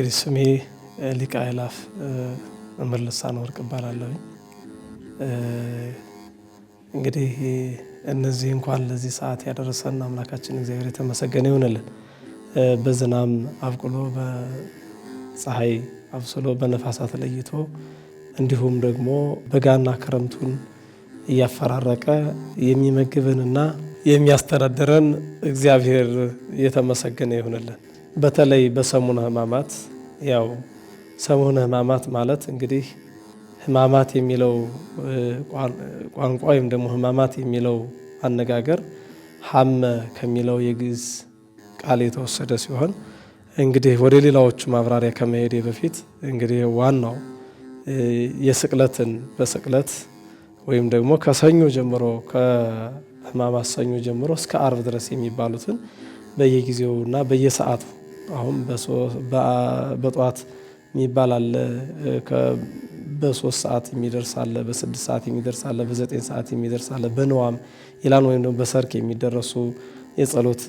እንግዲህ ስሜ ሊቀ አእላፍ መምህር ልሳነ ወርቅ እባላለሁ። እንግዲህ እነዚህ እንኳን ለዚህ ሰዓት ያደረሰን አምላካችን እግዚአብሔር የተመሰገነ ይሆንልን። በዝናም አብቅሎ በፀሐይ አብስሎ በነፋሳት ለይቶ እንዲሁም ደግሞ በጋና ክረምቱን እያፈራረቀ የሚመግበንና የሚያስተዳድረን እግዚአብሔር የተመሰገነ ይሆንልን። በተለይ በሰሙነ ሕማማት ያው ሰሙነ ሕማማት ማለት እንግዲህ ሕማማት የሚለው ቋንቋ ወይም ደግሞ ሕማማት የሚለው አነጋገር ሐመ ከሚለው የግዕዝ ቃል የተወሰደ ሲሆን እንግዲህ ወደ ሌላዎቹ ማብራሪያ ከመሄዴ በፊት እንግዲህ ዋናው የስቅለትን በስቅለት ወይም ደግሞ ከሰኞ ጀምሮ ከሕማማት ሰኞ ጀምሮ እስከ አርብ ድረስ የሚባሉትን በየጊዜውና በየሰዓቱ አሁን በጠዋት የሚባል አለ፣ በሶስት ሰዓት የሚደርስ አለ፣ በስድስት ሰዓት የሚደርስ አለ፣ በዘጠኝ ሰዓት የሚደርስ አለ። በነዋም ይላን ወይም ደግሞ በሰርክ የሚደረሱ የጸሎት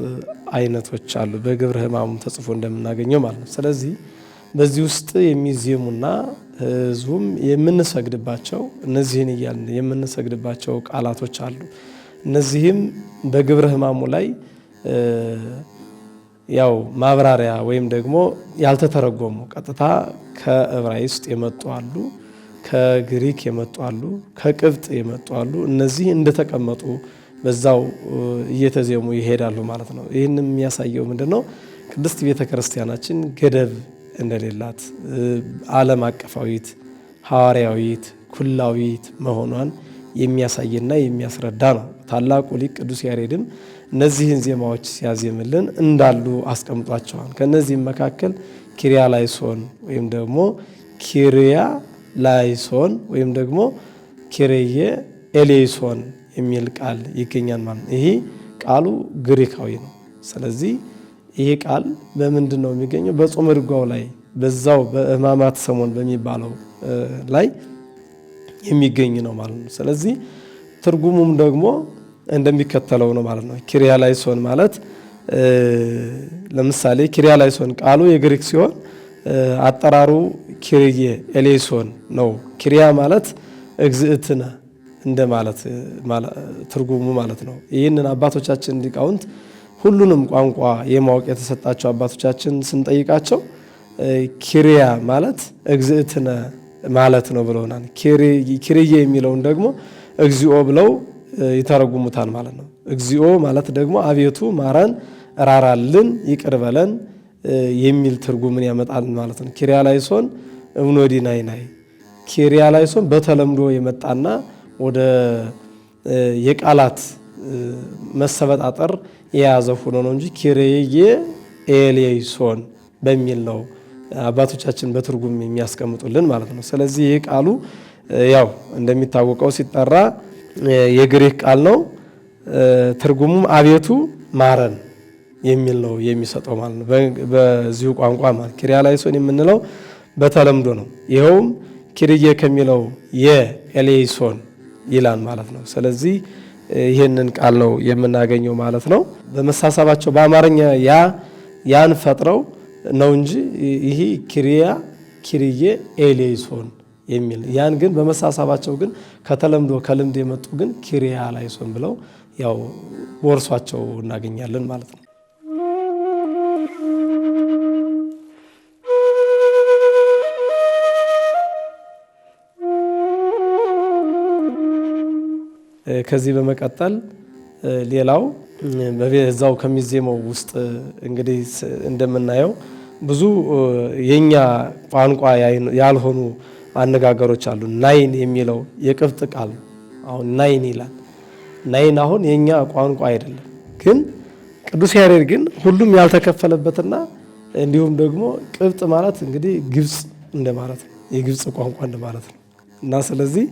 አይነቶች አሉ፣ በግብረ ሕማሙ ተጽፎ እንደምናገኘው ማለት ነው። ስለዚህ በዚህ ውስጥ የሚዜሙና ህዝቡም የምንሰግድባቸው እነዚህን እያልን የምንሰግድባቸው ቃላቶች አሉ። እነዚህም በግብረ ሕማሙ ላይ ያው ማብራሪያ ወይም ደግሞ ያልተተረጎሙ ቀጥታ ከዕብራይስጥ የመጡ አሉ፣ ከግሪክ የመጡ አሉ፣ ከቅብጥ የመጡ አሉ። እነዚህ እንደተቀመጡ በዛው እየተዜሙ ይሄዳሉ ማለት ነው። ይህን የሚያሳየው ምንድን ነው? ቅድስት ቤተ ክርስቲያናችን ገደብ እንደሌላት ዓለም አቀፋዊት፣ ሐዋርያዊት፣ ኩላዊት መሆኗን የሚያሳይና የሚያስረዳ ነው። ታላቁ ሊቅ ቅዱስ ያሬድም እነዚህን ዜማዎች ሲያዜምልን እንዳሉ አስቀምጧቸዋል። ከእነዚህም መካከል ኪሪያ ላይሶን ወይም ደግሞ ኪሪያ ላይሶን ወይም ደግሞ ኪሬየ ኤሌይሶን የሚል ቃል ይገኛል ማለት ነው። ይሄ ቃሉ ግሪካዊ ነው። ስለዚህ ይሄ ቃል በምንድን ነው የሚገኘው? በጾመ ድጓው ላይ በዛው በሕማማት ሰሞን በሚባለው ላይ የሚገኝ ነው ማለት ነው። ስለዚህ ትርጉሙም ደግሞ እንደሚከተለው ነው ማለት ነው። ኪሪያ ላይሶን ማለት ለምሳሌ ኪሪያ ላይሶን ቃሉ የግሪክ ሲሆን አጠራሩ ኪሪዬ ኤሌሶን ነው። ኪሪያ ማለት እግዝእትነ እንደ ማለት ትርጉሙ ማለት ነው። ይህንን አባቶቻችን ሊቃውንት ሁሉንም ቋንቋ የማወቅ የተሰጣቸው አባቶቻችን ስንጠይቃቸው ኪሪያ ማለት እግዝእትነ ማለት ነው ብለውናል። ኪሪዬ የሚለውን ደግሞ እግዚኦ ብለው ይተረጉሙታል ማለት ነው። እግዚኦ ማለት ደግሞ አቤቱ ማረን፣ ራራልን፣ ይቅርበለን የሚል ትርጉምን ያመጣል ማለት ነው። ኪሪያ ላይሶን እምኖዲናይ ናይ ኪሪያ ላይሶን በተለምዶ የመጣና ወደ የቃላት መሰበጣጠር የያዘ ሆኖ ነው እንጂ ኪሬዬ ኤሌይሶን በሚል ነው አባቶቻችን በትርጉም የሚያስቀምጡልን ማለት ነው። ስለዚህ ይህ ቃሉ ያው እንደሚታወቀው ሲጠራ የግሪክ ቃል ነው። ትርጉሙም አቤቱ ማረን የሚል ነው የሚሰጠው ማለት ነው። በዚሁ ቋንቋ ማለት ኪሪያ ላይሶን የምንለው በተለምዶ ነው። ይኸውም ኪሪዬ ከሚለው የኤሌይሶን ይላል ማለት ነው። ስለዚህ ይህንን ቃል ነው የምናገኘው ማለት ነው። በመሳሰባቸው በአማርኛ ያ ያን ፈጥረው ነው እንጂ ይህ ኪሪያ ኪሪዬ ኤሌይሶን የሚል ያን ግን በመሳሳባቸው ግን ከተለምዶ ከልምድ የመጡ ግን ኪሪያ ላይሶን ብለው ያው ወርሷቸው እናገኛለን ማለት ነው። ከዚህ በመቀጠል ሌላው በዛው ከሚዜመው ውስጥ እንግዲህ እንደምናየው ብዙ የኛ ቋንቋ ያልሆኑ አነጋገሮች አሉ። ናይን የሚለው የቅብጥ ቃል አሁን ናይን ይላል። ናይን አሁን የእኛ ቋንቋ አይደለም፣ ግን ቅዱስ ያሬድ ግን ሁሉም ያልተከፈለበትና እንዲሁም ደግሞ ቅብጥ ማለት እንግዲህ ግብፅ እንደማለት ነው፣ የግብፅ ቋንቋ እንደማለት ነው። እና ስለዚህ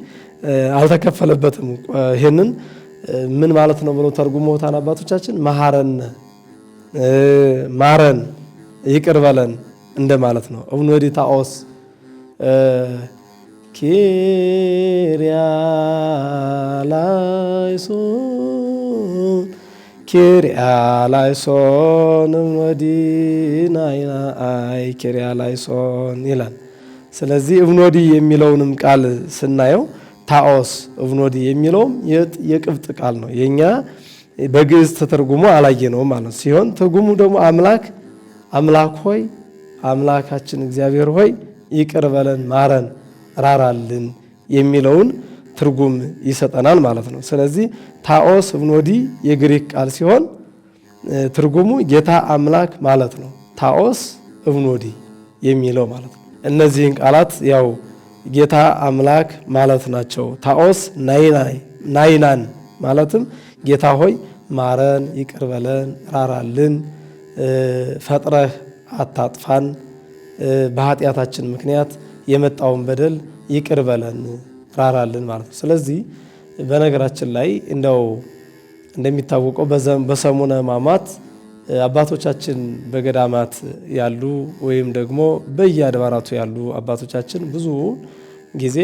አልተከፈለበትም። ይህንን ምን ማለት ነው ብለው ተርጉመውታን አባቶቻችን መሐረን ማረን ይቅርበለን እንደማለት ነው። እብን ወዲ ታኦስ ኪሪያ ላይሶን ኪሪያ አይ ኪሪያ ይላል። ስለዚህ እብኖዲ የሚለውንም ቃል ስናየው ታኦስ እብኖዲ የሚለውም የቅብጥ ቃል ነው። የእኛ በግዕዝ ተተርጉሞ አላየ ነው ማለት ሲሆን ትርጉሙ ደግሞ አምላክ አምላክ ሆይ አምላካችን እግዚአብሔር ሆይ ይቅር በለን፣ ማረን፣ ራራልን የሚለውን ትርጉም ይሰጠናል ማለት ነው። ስለዚህ ታኦስ ብኖዲ የግሪክ ቃል ሲሆን ትርጉሙ ጌታ አምላክ ማለት ነው። ታኦስ እብኖዲ የሚለው ማለት ነው። እነዚህን ቃላት ያው ጌታ አምላክ ማለት ናቸው። ታኦስ ናይናን ማለትም ጌታ ሆይ ማረን፣ ይቅርበለን፣ ራራልን፣ ፈጥረህ አታጥፋን በኃጢአታችን ምክንያት የመጣውን በደል ይቅር በለን ራራልን ማለት ነው። ስለዚህ በነገራችን ላይ እንደው እንደሚታወቀው በሰሙነ ሕማማት አባቶቻችን በገዳማት ያሉ ወይም ደግሞ በየአድባራቱ ያሉ አባቶቻችን ብዙ ጊዜ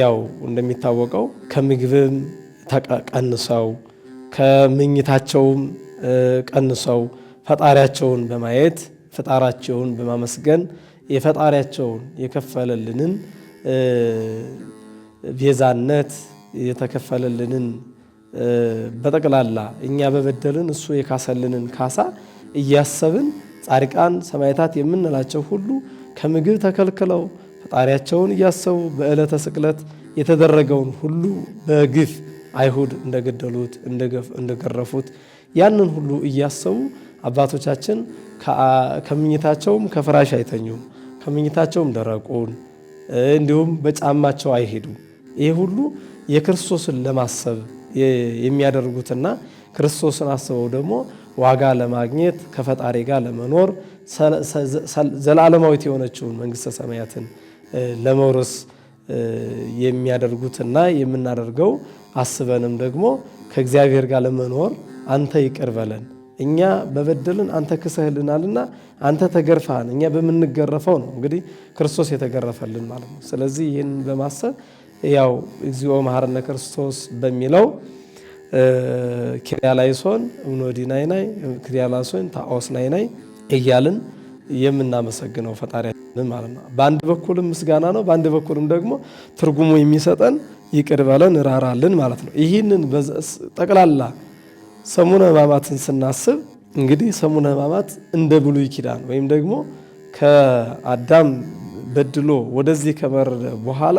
ያው እንደሚታወቀው ከምግብም ቀንሰው ከምኝታቸውም ቀንሰው ፈጣሪያቸውን በማየት ፈጣራቸውን በማመስገን የፈጣሪያቸውን የከፈለልንን ቤዛነት የተከፈለልንን በጠቅላላ እኛ በበደልን እሱ የካሰልንን ካሳ እያሰብን ጻድቃን ሰማዕታት የምንላቸው ሁሉ ከምግብ ተከልክለው ፈጣሪያቸውን እያሰቡ በዕለተ ስቅለት የተደረገውን ሁሉ በግፍ አይሁድ እንደገደሉት እንደገረፉት ያንን ሁሉ እያሰቡ አባቶቻችን ከምኝታቸውም ከፍራሽ አይተኙም። ከመኝታቸውም ደረቁን እንዲሁም በጫማቸው አይሄዱም። ይህ ሁሉ የክርስቶስን ለማሰብ የሚያደርጉትና ክርስቶስን አስበው ደግሞ ዋጋ ለማግኘት ከፈጣሪ ጋር ለመኖር ዘላለማዊት የሆነችውን መንግሥተ ሰማያትን ለመውረስ የሚያደርጉትና የምናደርገው አስበንም ደግሞ ከእግዚአብሔር ጋር ለመኖር አንተ ይቅር በለን እኛ በበደልን አንተ ክሰህልናልና አንተ ተገርፈሃል። እኛ በምንገረፈው ነው እንግዲህ ክርስቶስ የተገረፈልን ማለት ነው። ስለዚህ ይህን በማሰብ ያው እግዚኦ መሐረነ ክርስቶስ በሚለው ኪርያላይሶን እምኖዲ ናይናይ ኪርያላይሶን ታኦስ ናይ ናይ እያልን የምናመሰግነው ፈጣሪያችን ማለት ነው። በአንድ በኩልም ምስጋና ነው፣ በአንድ በኩልም ደግሞ ትርጉሙ የሚሰጠን ይቅር በለን እራራልን ማለት ነው። ይህንን ጠቅላላ ሰሙነ ሕማማትን ስናስብ እንግዲህ ሰሙነ ሕማማት እንደ ብሉይ ኪዳን ወይም ደግሞ ከአዳም በድሎ ወደዚህ ከመረደ በኋላ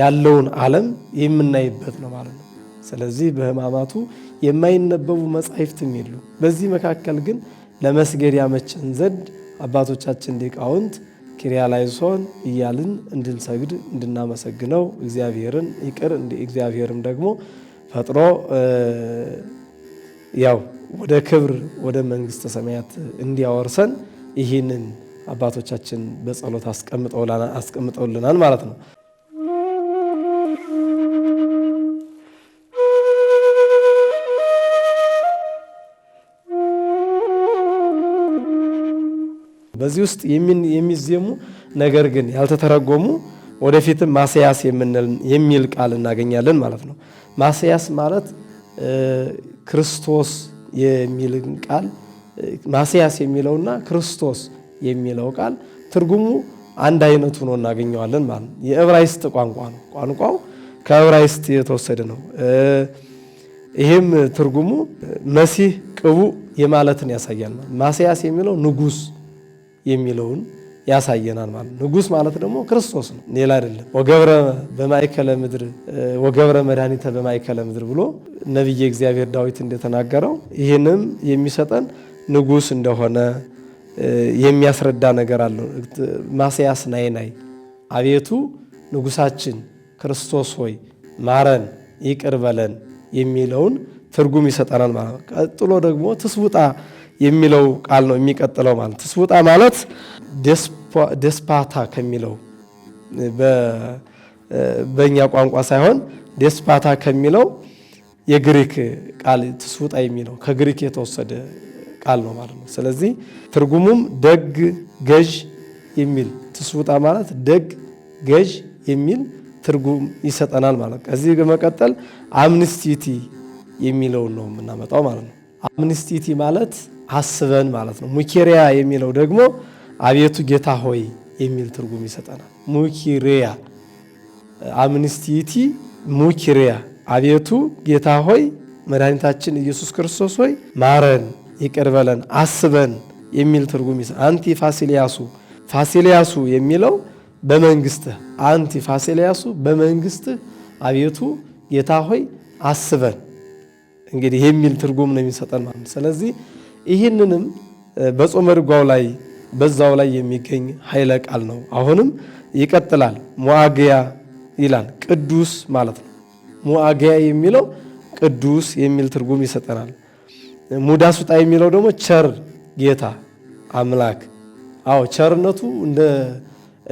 ያለውን ዓለም የምናይበት ነው ማለት ነው። ስለዚህ በሕማማቱ የማይነበቡ መጻሕፍትም የሉ። በዚህ መካከል ግን ለመስገድ ያመቸን ዘንድ አባቶቻችን ሊቃውንት ኪርያላይሶን እያልን እንድንሰግድ እንድናመሰግነው እግዚአብሔርን ይቅር እግዚአብሔርም ደግሞ ፈጥሮ ያው ወደ ክብር ወደ መንግስተ ሰማያት እንዲያወርሰን ይህንን አባቶቻችን በጸሎት አስቀምጠውልናል ማለት ነው። በዚህ ውስጥ የሚዜሙ ነገር ግን ያልተተረጎሙ ወደፊትም ማስያስ የሚል ቃል እናገኛለን ማለት ነው። ማስያስ ማለት ክርስቶስ የሚልን ቃል ማስያስ የሚለውና ክርስቶስ የሚለው ቃል ትርጉሙ አንድ አይነት ሆኖ እናገኘዋለን ማለት ነው። የዕብራይስጥ ቋንቋ ነው። ቋንቋው ከዕብራይስጥ የተወሰደ ነው። ይህም ትርጉሙ መሲህ ቅቡ የማለትን ያሳያል። ማስያስ የሚለው ንጉስ የሚለውን ያሳየናል ማለት ነው። ንጉስ ማለት ደግሞ ክርስቶስ ነው፣ ሌላ አይደለም። ወገብረ በማይከለ ምድር ወገብረ መድኃኒተ በማይከለ ምድር ብሎ ነቢየ እግዚአብሔር ዳዊት እንደተናገረው ይህንም የሚሰጠን ንጉስ እንደሆነ የሚያስረዳ ነገር አለው። ኢሳይያስ ናይናይ አቤቱ ንጉሳችን ክርስቶስ ሆይ ማረን፣ ይቅር በለን የሚለውን ትርጉም ይሰጠናል ማለት ነው። ቀጥሎ ደግሞ ትስውጣ የሚለው ቃል ነው የሚቀጥለው ማለት ትስውጣ ማለት ደስፓታ ከሚለው በእኛ ቋንቋ ሳይሆን ደስፓታ ከሚለው የግሪክ ቃል ትሱጣ የሚለው ከግሪክ የተወሰደ ቃል ነው ማለት ነው። ስለዚህ ትርጉሙም ደግ ገዥ የሚል ትሱጣ ማለት ደግ ገዥ የሚል ትርጉም ይሰጠናል ማለት ነው። ከዚህ በመቀጠል አምኒስቲቲ የሚለውን ነው የምናመጣው ማለት ነው። አምኒስቲቲ ማለት አስበን ማለት ነው። ሙኬሪያ የሚለው ደግሞ አቤቱ ጌታ ሆይ የሚል ትርጉም ይሰጠናል። ሙኪሬያ አምኒስቲቲ ሙኪሬያ አቤቱ ጌታ ሆይ መድኃኒታችን ኢየሱስ ክርስቶስ ሆይ ማረን፣ ይቅር በለን፣ አስበን የሚል ትርጉም ይሰ አንቲ ፋሲሊያሱ ፋሲሊያሱ የሚለው በመንግስትህ አንቲ ፋሲሊያሱ በመንግስትህ አቤቱ ጌታ ሆይ አስበን እንግዲህ የሚል ትርጉም ነው የሚሰጠን ማለት። ስለዚህ ይህንንም በጾመ ድጓው ላይ በዛው ላይ የሚገኝ ኃይለ ቃል ነው። አሁንም ይቀጥላል። ሙአግያ ይላል ቅዱስ ማለት ነው። ሙአግያ የሚለው ቅዱስ የሚል ትርጉም ይሰጠናል። ሙዳሱጣ የሚለው ደግሞ ቸር ጌታ አምላክ። አዎ ቸርነቱ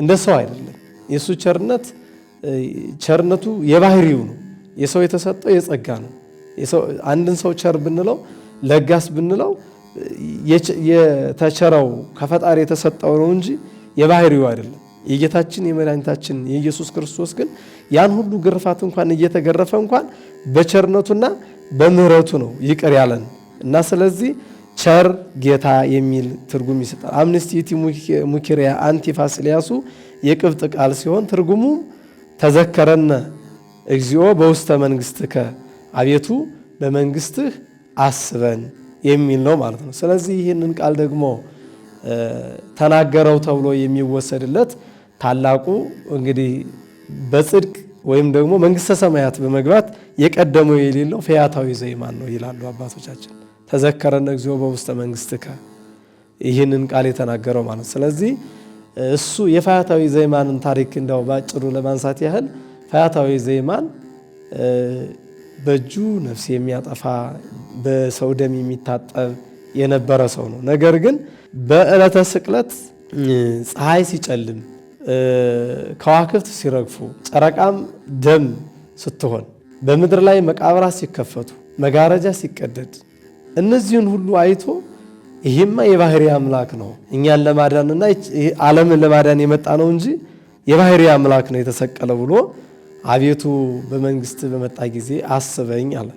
እንደ ሰው አይደለም። የእሱ ቸርነት ቸርነቱ የባህሪው ነው። የሰው የተሰጠው የጸጋ ነው። አንድን ሰው ቸር ብንለው ለጋስ ብንለው የተቸረው ከፈጣሪ የተሰጠው ነው እንጂ የባህሪው አይደለም። የጌታችን የመድኃኒታችን የኢየሱስ ክርስቶስ ግን ያን ሁሉ ግርፋት እንኳን እየተገረፈ እንኳን በቸርነቱና በምሕረቱ ነው ይቅር ያለን እና ስለዚህ ቸር ጌታ የሚል ትርጉም ይሰጣል። አምንስቲቲ ሙኪሪያ አንቲ የቅብጥ ቃል ሲሆን ትርጉሙ ተዘከረነ እግዚኦ በውስተ መንግሥትከ፣ አቤቱ በመንግስትህ አስበን የሚል ነው ማለት ነው። ስለዚህ ይህንን ቃል ደግሞ ተናገረው ተብሎ የሚወሰድለት ታላቁ እንግዲህ በጽድቅ ወይም ደግሞ መንግስተ ሰማያት በመግባት የቀደመው የሌለው ፈያታዊ ዘይማን ነው ይላሉ አባቶቻችን። ተዘከረነ እግዚኦ በውስተ መንግሥትከ ይህንን ቃል የተናገረው ማለት ስለዚህ እሱ የፈያታዊ ዘይማንን ታሪክ እንደው ባጭሩ ለማንሳት ያህል ፈያታዊ ዘይማን በእጁ ነፍስ የሚያጠፋ በሰው ደም የሚታጠብ የነበረ ሰው ነው። ነገር ግን በዕለተ ስቅለት ፀሐይ ሲጨልም፣ ከዋክብት ሲረግፉ፣ ጨረቃም ደም ስትሆን፣ በምድር ላይ መቃብራት ሲከፈቱ፣ መጋረጃ ሲቀደድ፣ እነዚህን ሁሉ አይቶ ይህማ የባህሪ አምላክ ነው እኛን ለማዳንና ዓለምን ለማዳን የመጣ ነው እንጂ የባህሪ አምላክ ነው የተሰቀለ ብሎ አቤቱ በመንግስት በመጣ ጊዜ አስበኝ አለ።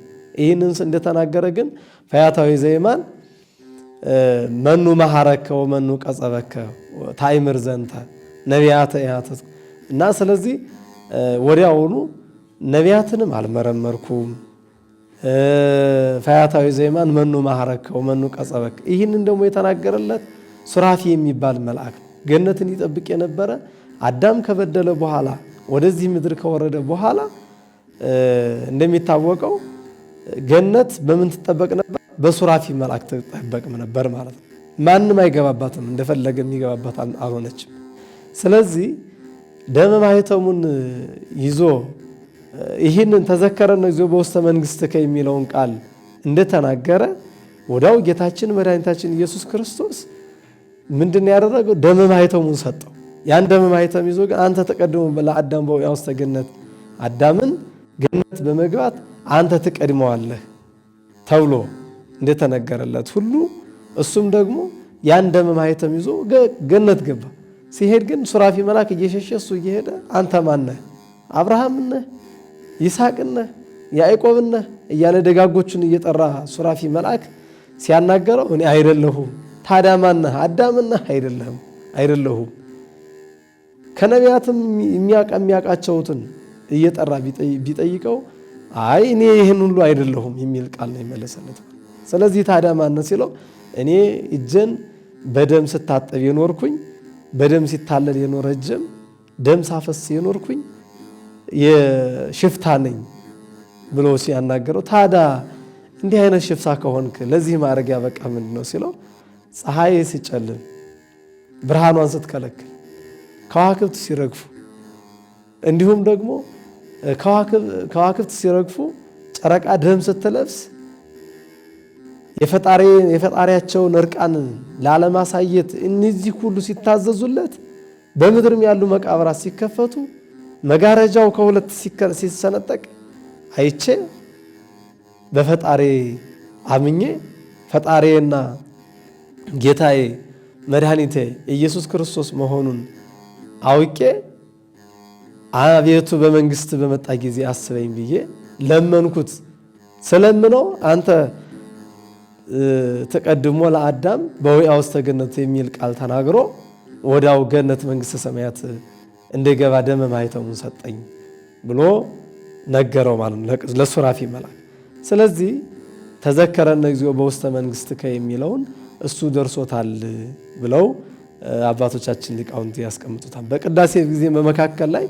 ይህንን እንደተናገረ ግን ፈያታዊ ዘይማን መኑ መሐረከ ወመኑ ቀጸበከ ታይምር ዘንተ ነቢያተ ያተት እና ስለዚህ ወዲያውኑ ነቢያትንም አልመረመርኩም። ፈያታዊ ዘይማን መኑ መሐረከ ወመኑ ቀጸበከ ይህንን ደግሞ የተናገረለት ሱራፊ የሚባል መልአክ ነው። ገነትን ይጠብቅ የነበረ አዳም ከበደለ በኋላ ወደዚህ ምድር ከወረደ በኋላ እንደሚታወቀው ገነት በምን ትጠበቅ ነበር? በሱራፊ መልአክ ትጠበቅም ነበር ማለት ነው። ማንም አይገባባትም፣ እንደፈለገ የሚገባባት አልሆነችም። ስለዚህ ደመ ማኅተሙን ይዞ ይህንን ተዘከረን ነው ይዞ በውስተ መንግስት የሚለውን ቃል እንደተናገረ ወዳው ጌታችን መድኃኒታችን ኢየሱስ ክርስቶስ ምንድን ያደረገው ደመ ማኅተሙን ሰጠው። ያን ደመ ማኅተም ይዞ ግን አንተ ተቀድሞ ለአዳም በውስተ ገነት አዳምን ገነት በመግባት አንተ ትቀድመዋለህ ተብሎ እንደተነገረለት ሁሉ እሱም ደግሞ ያን ደም ማኅተም ይዞ ገነት ገባ። ሲሄድ ግን ሱራፊ መልአክ እየሸሸ እሱ እየሄደ አንተ ማነህ? አብርሃም ነህ? ይስሐቅ ነህ? ያዕቆብ ነህ? እያለ ደጋጎቹን እየጠራ ሱራፊ መልአክ ሲያናገረው እኔ አይደለሁም። ታዲያ ማነህ? አዳም ነህ? አይደለሁም። ከነቢያትም የሚያውቃቸውትን እየጠራ ቢጠይቀው አይ እኔ ይህን ሁሉ አይደለሁም የሚል ቃል ነው የመለሰለት። ስለዚህ ታዲያ ነው ሲለው እኔ እጄን በደም ስታጠብ የኖርኩኝ በደም ሲታለል የኖረ እጄም ደም ሳፈስ የኖርኩኝ የሽፍታ ነኝ ብሎ ሲያናገረው፣ ታዲያ እንዲህ አይነት ሽፍታ ከሆንክ ለዚህ ማድረግ ያበቃ ምንድን ነው ሲለው፣ ፀሐይ ሲጨልም ብርሃኗን ስትከለክል ከዋክብት ሲረግፉ እንዲሁም ደግሞ ከዋክብት ሲረግፉ ጨረቃ ደም ስትለብስ የፈጣሪያቸውን እርቃን ላለማሳየት እነዚህ ሁሉ ሲታዘዙለት በምድርም ያሉ መቃብራት ሲከፈቱ መጋረጃው ከሁለት ሲሰነጠቅ አይቼ በፈጣሪ አምኜ ፈጣሪና ጌታዬ መድኃኒቴ ኢየሱስ ክርስቶስ መሆኑን አውቄ አቤቱ በመንግስት በመጣ ጊዜ አስበኝ ብዬ ለመንኩት። ስለምነው አንተ ተቀድሞ ለአዳም በውያ ውስተ ገነት የሚል ቃል ተናግሮ ወዳው ገነት መንግስተ ሰማያት እንደገባ ደመ ማኅተሙን ሰጠኝ ብሎ ነገረው ማለት ነው ለሱራፊ መልአክ። ስለዚህ ተዘከረነ እግዚኦ በውስተ መንግሥትከ የሚለውን እሱ ደርሶታል ብለው አባቶቻችን ሊቃውንት ያስቀምጡታል። በቅዳሴ ጊዜ በመካከል ላይ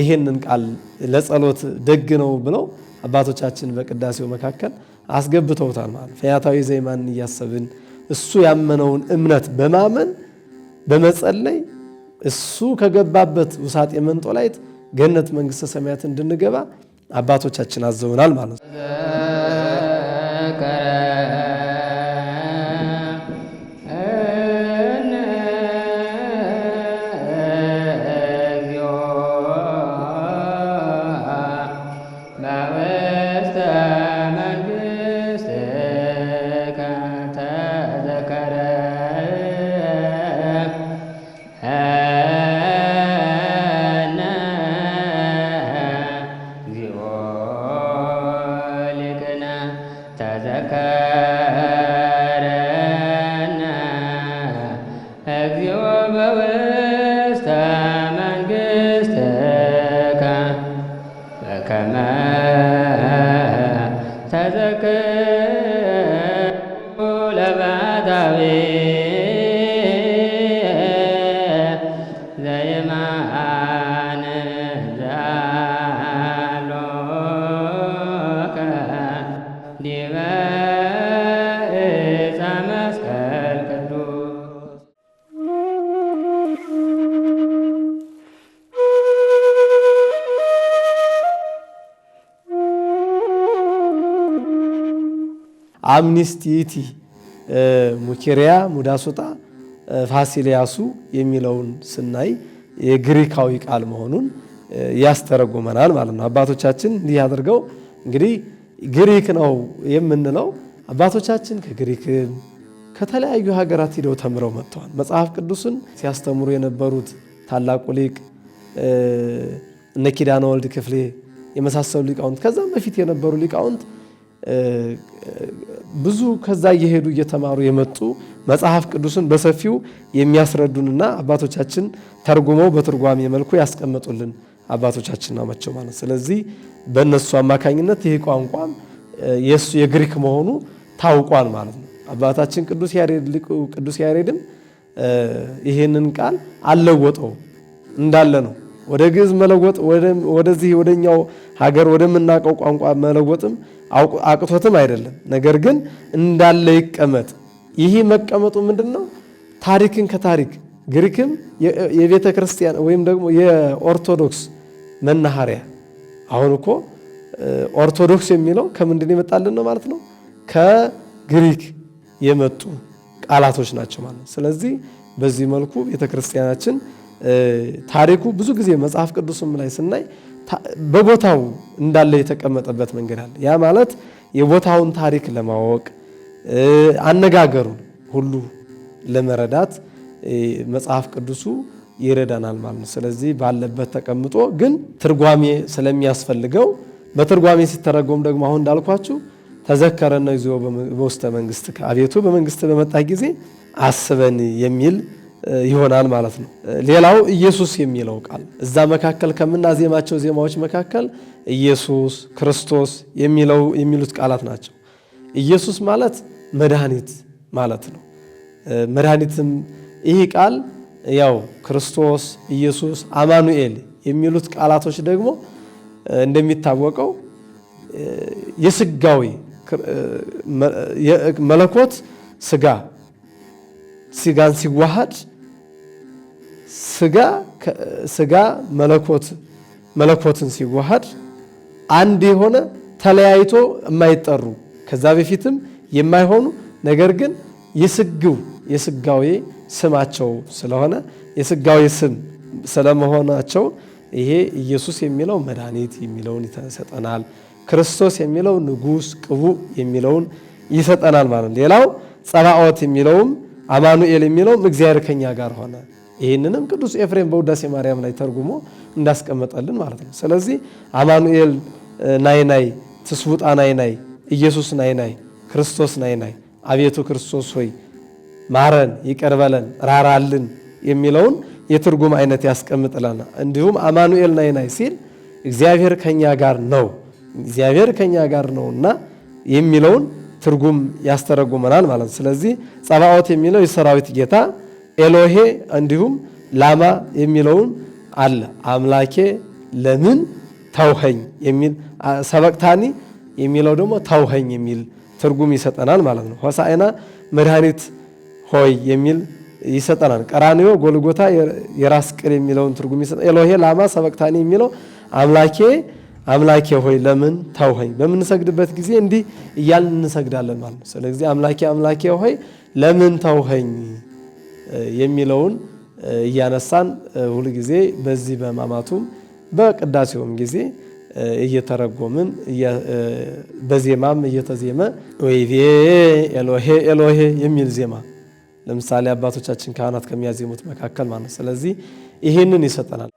ይሄንን ቃል ለጸሎት ደግ ነው ብለው አባቶቻችን በቅዳሴው መካከል አስገብተውታል። ማለት ፈያታዊ ዘይማንን እያሰብን እሱ ያመነውን እምነት በማመን በመጸለይ እሱ ከገባበት ውሳጤ መንጦላይት ገነት መንግሥተ ሰማያት እንድንገባ አባቶቻችን አዘውናል ማለት ነው። Ezekkel አምኒስቲ ሙኪሪያ ሙዳሶጣ ፋሲሊያሱ የሚለውን ስናይ የግሪካዊ ቃል መሆኑን ያስተረጉመናል ማለት ነው። አባቶቻችን እንዲህ አድርገው እንግዲህ ግሪክ ነው የምንለው አባቶቻችን ከግሪክም ከተለያዩ ሀገራት ሂደው ተምረው መጥተዋል። መጽሐፍ ቅዱስን ሲያስተምሩ የነበሩት ታላቁ ሊቅ እነ ኪዳነ ወልድ ክፍሌ የመሳሰሉ ሊቃውንት ከዛም በፊት የነበሩ ሊቃውንት ብዙ ከዛ እየሄዱ እየተማሩ የመጡ መጽሐፍ ቅዱስን በሰፊው የሚያስረዱንና አባቶቻችን ተርጉመው በትርጓሜ መልኩ ያስቀመጡልን አባቶቻችን ናቸው ማለት። ስለዚህ በእነሱ አማካኝነት ይህ ቋንቋም የእሱ የግሪክ መሆኑ ታውቋል ማለት ነው። አባታችን ቅዱስ ያሬድ ሊቁ ቅዱስ ያሬድም ይህንን ቃል አልለወጠው እንዳለ ነው። ወደ ግዕዝ መለወጥ ወደዚህ ወደኛው ሀገር ወደምናውቀው ቋንቋ መለወጥም አቅቶትም አይደለም። ነገር ግን እንዳለ ይቀመጥ። ይህ መቀመጡ ምንድን ነው? ታሪክን ከታሪክ ግሪክም የቤተ ክርስቲያን ወይም ደግሞ የኦርቶዶክስ መናኸሪያ። አሁን እኮ ኦርቶዶክስ የሚለው ከምንድን ይመጣልን ነው ማለት ነው? ከግሪክ የመጡ ቃላቶች ናቸው ማለት ነው። ስለዚህ በዚህ መልኩ ቤተ ክርስቲያናችን ታሪኩ ብዙ ጊዜ መጽሐፍ ቅዱስም ላይ ስናይ በቦታው እንዳለ የተቀመጠበት መንገድ አለ። ያ ማለት የቦታውን ታሪክ ለማወቅ አነጋገሩን ሁሉ ለመረዳት መጽሐፍ ቅዱሱ ይረዳናል ማለት ነው። ስለዚህ ባለበት ተቀምጦ ግን ትርጓሜ ስለሚያስፈልገው በትርጓሜ ሲተረጎም ደግሞ አሁን እንዳልኳችሁ ተዘከረነ እግዚኦ በውስተ መንግስት፣ አቤቱ በመንግስት በመጣ ጊዜ አስበን የሚል ይሆናል ማለት ነው። ሌላው ኢየሱስ የሚለው ቃል እዛ መካከል ከምናዜማቸው ዜማዎች መካከል ኢየሱስ ክርስቶስ የሚለው የሚሉት ቃላት ናቸው። ኢየሱስ ማለት መድኃኒት ማለት ነው። መድኃኒትም ይህ ቃል ያው ክርስቶስ፣ ኢየሱስ፣ አማኑኤል የሚሉት ቃላቶች ደግሞ እንደሚታወቀው የስጋዊ መለኮት ስጋ ስጋን ሲዋሃድ ስጋ ስጋ መለኮት መለኮትን ሲዋሃድ አንድ የሆነ ተለያይቶ የማይጠሩ ከዛ በፊትም የማይሆኑ ነገር ግን የስግው የስጋዊ ስማቸው ስለሆነ የስጋዊ ስም ስለመሆናቸው ይሄ ኢየሱስ የሚለው መድኃኒት የሚለውን ይሰጠናል። ክርስቶስ የሚለው ንጉሥ፣ ቅቡ የሚለውን ይሰጠናል ማለት ነው። ሌላው ጸባዖት የሚለውም አማኑኤል የሚለውም እግዚአብሔር ከኛ ጋር ሆነ። ይህንንም ቅዱስ ኤፍሬም በውዳሴ ማርያም ላይ ተርጉሞ እንዳስቀመጠልን ማለት ነው። ስለዚህ አማኑኤል ናይ ናይ፣ ትስውጣ ናይ ናይ፣ ኢየሱስ ናይ ናይ፣ ክርስቶስ ናይ ናይ፣ አቤቱ ክርስቶስ ሆይ ማረን፣ ይቀርበለን ራራልን የሚለውን የትርጉም አይነት ያስቀምጥለን። እንዲሁም አማኑኤል ናይ ናይ ሲል እግዚአብሔር ከኛ ጋር ነው፣ እግዚአብሔር ከኛ ጋር ነውና የሚለውን ትርጉም ያስተረጉመናል ማለት ነው። ስለዚህ ጸባኦት የሚለው የሰራዊት ጌታ ኤሎሄ፣ እንዲሁም ላማ የሚለውን አለ። አምላኬ ለምን ተውኸኝ የሚል ሰበቅታኒ የሚለው ደግሞ ተውኸኝ የሚል ትርጉም ይሰጠናል ማለት ነው። ሆሳዕና መድኃኒት ሆይ የሚል ይሰጠናል። ቀራንዮ ጎልጎታ፣ የራስ ቅል የሚለውን ትርጉም ይሰጠ ኤሎሄ ላማ ሰበቅታኒ የሚለው አምላኬ አምላኬ ሆይ ለምን ተውኸኝ? በምንሰግድበት ጊዜ እንዲህ እያልን እንሰግዳለን ማለት ነው። ስለዚህ አምላኬ አምላኬ ሆይ ለምን ተውኸኝ የሚለውን እያነሳን ሁልጊዜ በዚህ በማማቱም በቅዳሴውም ጊዜ እየተረጎምን በዜማም እየተዜመ ወይቤ ኤሎሄ ኤሎሄ የሚል ዜማ ለምሳሌ አባቶቻችን ካህናት ከሚያዜሙት መካከል ማለት ነው። ስለዚህ ይህንን ይሰጠናል።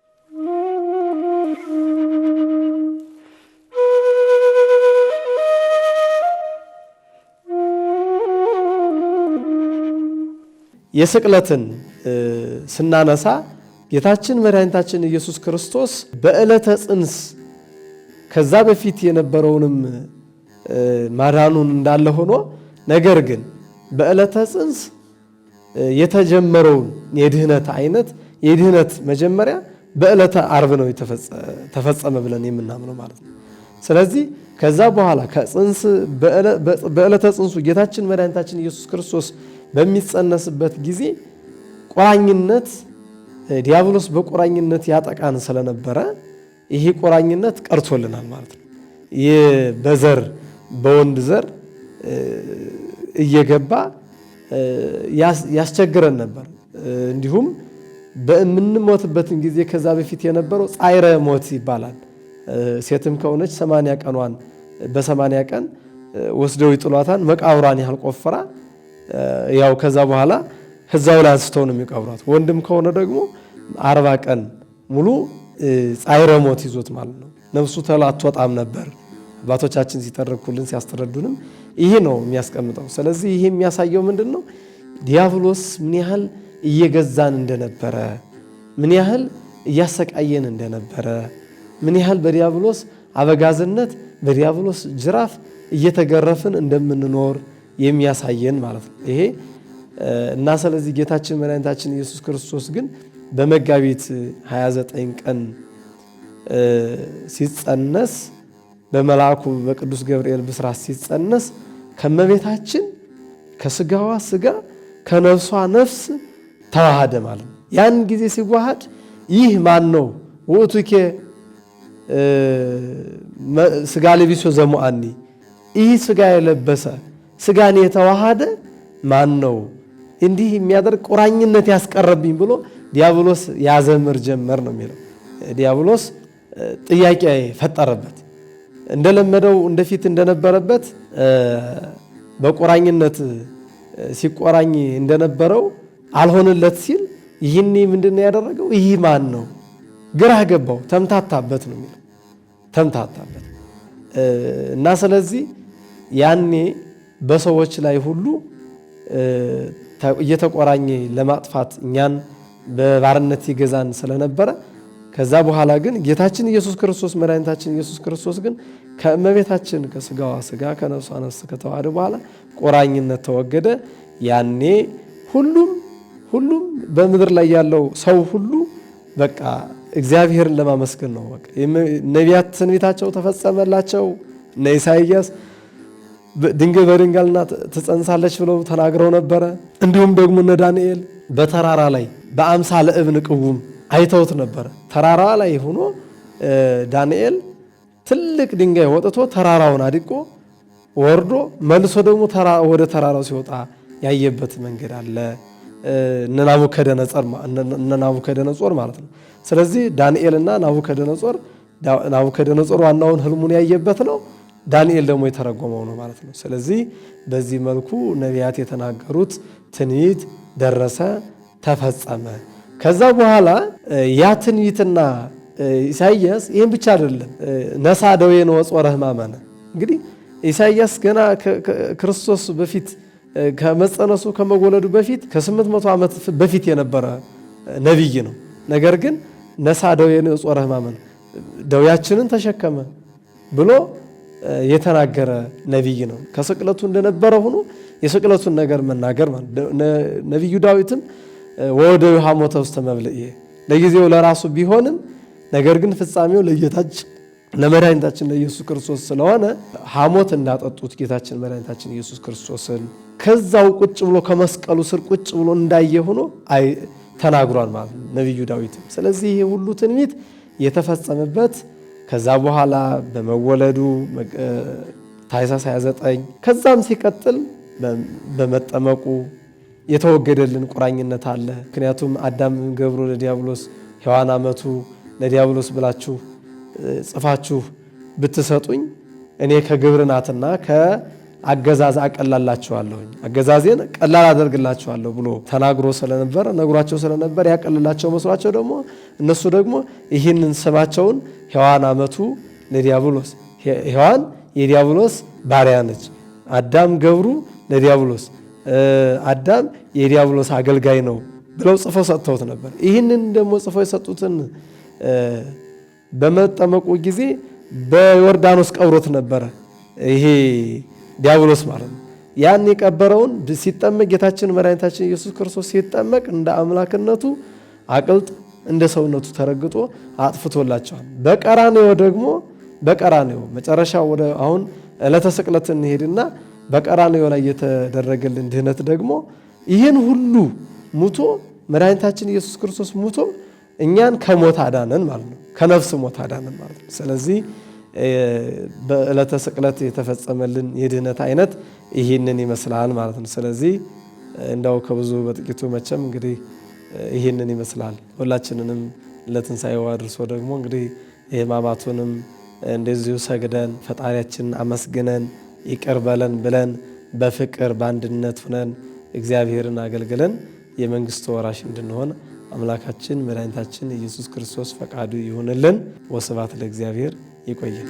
የስቅለትን ስናነሳ ጌታችን መድኃኒታችን ኢየሱስ ክርስቶስ በዕለተ ጽንስ ከዛ በፊት የነበረውንም ማዳኑን እንዳለ ሆኖ ነገር ግን በዕለተ ጽንስ የተጀመረውን የድህነት አይነት የድህነት መጀመሪያ በዕለተ አርብ ነው ተፈጸመ ብለን የምናምነው ማለት ነው። ስለዚህ ከዛ በኋላ በዕለተ ጽንሱ ጌታችን መድኃኒታችን ኢየሱስ ክርስቶስ በሚጸነስበት ጊዜ ቆራኝነት ዲያብሎስ በቆራኝነት ያጠቃን ስለነበረ ይሄ ቆራኝነት ቀርቶልናል ማለት ነው። ይህ በዘር በወንድ ዘር እየገባ ያስቸግረን ነበር። እንዲሁም በምንሞትበትን ጊዜ ከዛ በፊት የነበረው ጻይረ ሞት ይባላል። ሴትም ከሆነች ሰማንያ ቀኗን በሰማንያ ቀን ወስደው ይጥሏታን መቃብሯን ያህል ቆፍራ ያው ከዛ በኋላ ህዛው ላይ አንስተው ነው የሚቀብሯት። ወንድም ከሆነ ደግሞ አርባ ቀን ሙሉ ጻይረ ሞት ይዞት ማለት ነው። ነፍሱ ተላ አትወጣም ነበር። አባቶቻችን ሲተረኩልን ሲያስተረዱንም ይሄ ነው የሚያስቀምጠው። ስለዚህ ይሄ የሚያሳየው ምንድን ነው? ዲያብሎስ ምን ያህል እየገዛን እንደነበረ፣ ምን ያህል እያሰቃየን እንደነበረ፣ ምን ያህል በዲያብሎስ አበጋዝነት በዲያብሎስ ጅራፍ እየተገረፍን እንደምንኖር የሚያሳየን ማለት ነው ይሄ እና ስለዚህ ጌታችን መድኃኒታችን ኢየሱስ ክርስቶስ ግን በመጋቢት 29 ቀን ሲጸነስ በመልአኩ በቅዱስ ገብርኤል ብስራት ሲጸነስ ከመቤታችን ከስጋዋ ስጋ ከነፍሷ ነፍስ ተዋሃደ ማለት ነው። ያን ጊዜ ሲዋሃድ ይህ ማን ነው? ውእቱኬ ስጋ ለቢሶ ዘሙአኒ፣ ይህ ስጋ የለበሰ ስጋን የተዋሃደ ማን ነው እንዲህ የሚያደርግ ቁራኝነት ያስቀረብኝ ብሎ ዲያብሎስ ያዘምር ጀመር ነው የሚለው። ዲያብሎስ ጥያቄ ፈጠረበት። እንደለመደው እንደፊት እንደነበረበት በቁራኝነት ሲቆራኝ እንደነበረው አልሆንለት ሲል ይህኔ ምንድነው ያደረገው? ይህ ማን ነው? ግራ ገባው። ተምታታበት ነው የሚለው ተምታታበት እና ስለዚህ ያኔ በሰዎች ላይ ሁሉ እየተቆራኘ ለማጥፋት እኛን በባርነት ይገዛን ስለነበረ ከዛ በኋላ ግን ጌታችን ኢየሱስ ክርስቶስ መድኃኒታችን ኢየሱስ ክርስቶስ ግን ከእመቤታችን ከስጋዋ ስጋ ከነፍሷ ነፍስ ከተዋደ በኋላ ቆራኝነት ተወገደ። ያኔ ሁሉም ሁሉም በምድር ላይ ያለው ሰው ሁሉ በቃ እግዚአብሔርን ለማመስገን ነው። በቃ ነቢያት ትንቢታቸው ተፈጸመላቸው። እነ ኢሳይያስ ድንግል በድንጋልና ትጸንሳለች ብለው ተናግረው ነበረ። እንዲሁም ደግሞ እነ ዳንኤል በተራራ ላይ በአምሳለ እብን ቅውም አይተውት ነበረ። ተራራ ላይ ሆኖ ዳንኤል ትልቅ ድንጋይ ወጥቶ ተራራውን አድቆ ወርዶ መልሶ ደግሞ ወደ ተራራው ሲወጣ ያየበት መንገድ አለ። እነ ናቡከደነጾር ማለት ነው። ስለዚህ ዳንኤልና ናቡከደነጾር ናቡከደነጾር ዋናውን ህልሙን ያየበት ነው። ዳንኤል ደግሞ የተረጎመው ነው ማለት ነው። ስለዚህ በዚህ መልኩ ነቢያት የተናገሩት ትንቢት ደረሰ፣ ተፈጸመ። ከዛ በኋላ ያ ትንቢትና ኢሳይያስ ይህን ብቻ አይደለም። ነሳ ደዌነ ወጾረ ሕማማነ እንግዲህ ኢሳይያስ ገና ክርስቶስ በፊት ከመጸነሱ ከመወለዱ በፊት ከ800 ዓመት በፊት የነበረ ነቢይ ነው። ነገር ግን ነሳ ደዌነ ወጾረ ሕማማነ ደዌያችንን ተሸከመ ብሎ የተናገረ ነቢይ ነው። ከስቅለቱ እንደነበረ ሆኖ የስቅለቱን ነገር መናገር ነቢዩ ዳዊትም ወደ ውሃ ሞተ ውስጥ መብልእየ ለጊዜው ለራሱ ቢሆንም ነገር ግን ፍጻሜው ለጌታችን ለመድኃኒታችን ለኢየሱስ ክርስቶስ ስለሆነ ሐሞት እንዳጠጡት ጌታችን መድኃኒታችን ኢየሱስ ክርስቶስን ከዛው ቁጭ ብሎ ከመስቀሉ ስር ቁጭ ብሎ እንዳየ ሆኖ ተናግሯል ማለት ነቢዩ ዳዊትም። ስለዚህ ይሄ ሁሉ ትንቢት የተፈጸመበት ከዛ በኋላ በመወለዱ ታኅሳስ 29 ከዛም ሲቀጥል በመጠመቁ የተወገደልን ቁራኝነት አለ። ምክንያቱም አዳም ገብሮ ለዲያብሎስ ሔዋን አመቱ ለዲያብሎስ ብላችሁ ጽፋችሁ ብትሰጡኝ እኔ ከግብርናትና ። አገዛዝ አቀላላቸዋለሁኝ አገዛዜን ቀላል አደርግላቸዋለሁ ብሎ ተናግሮ ስለነበረ ነግሯቸው ስለነበር ያቀልላቸው መስሏቸው ደግሞ እነሱ ደግሞ ይህንን ስማቸውን ሔዋን አመቱ ለዲያብሎስ ሔዋን የዲያብሎስ ባሪያ ነች፣ አዳም ገብሩ ለዲያብሎስ አዳም የዲያብሎስ አገልጋይ ነው ብለው ጽፈው ሰጥተውት ነበር። ይህንን ደግሞ ጽፈው የሰጡትን በመጠመቁ ጊዜ በዮርዳኖስ ቀብሮት ነበረ ይሄ ዲያብሎስ ማለት ነው። ያን የቀበረውን ሲጠመቅ ጌታችን መድኃኒታችን ኢየሱስ ክርስቶስ ሲጠመቅ እንደ አምላክነቱ አቅልጥ እንደ ሰውነቱ ተረግጦ አጥፍቶላቸዋል። በቀራኔው ደግሞ በቀራኔው መጨረሻ ወደ አሁን ዕለተ ስቅለት እንሄድና በቀራኔው ላይ የተደረገልን ድህነት ደግሞ ይህን ሁሉ ሙቶ መድኃኒታችን ኢየሱስ ክርስቶስ ሙቶ እኛን ከሞት አዳነን ማለት ነው። ከነፍስ ሞት አዳነን ማለት ነው። ስለዚህ በዕለተ ስቅለት የተፈጸመልን የድህነት አይነት ይህንን ይመስላል ማለት ነው። ስለዚህ እንዳው ከብዙ በጥቂቱ መቼም እንግዲህ ይህንን ይመስላል። ሁላችንንም ለትንሣኤው አድርሶ ደግሞ እንግዲህ የሕማማቱንም እንደዚሁ ሰግደን ፈጣሪያችንን አመስግነን ይቅር በለን ብለን በፍቅር በአንድነት ሁነን እግዚአብሔርን አገልግለን የመንግስት ወራሽ እንድንሆን አምላካችን መድኃኒታችን ኢየሱስ ክርስቶስ ፈቃዱ ይሁንልን። ወስብሐት ለእግዚአብሔር። ይቆየ።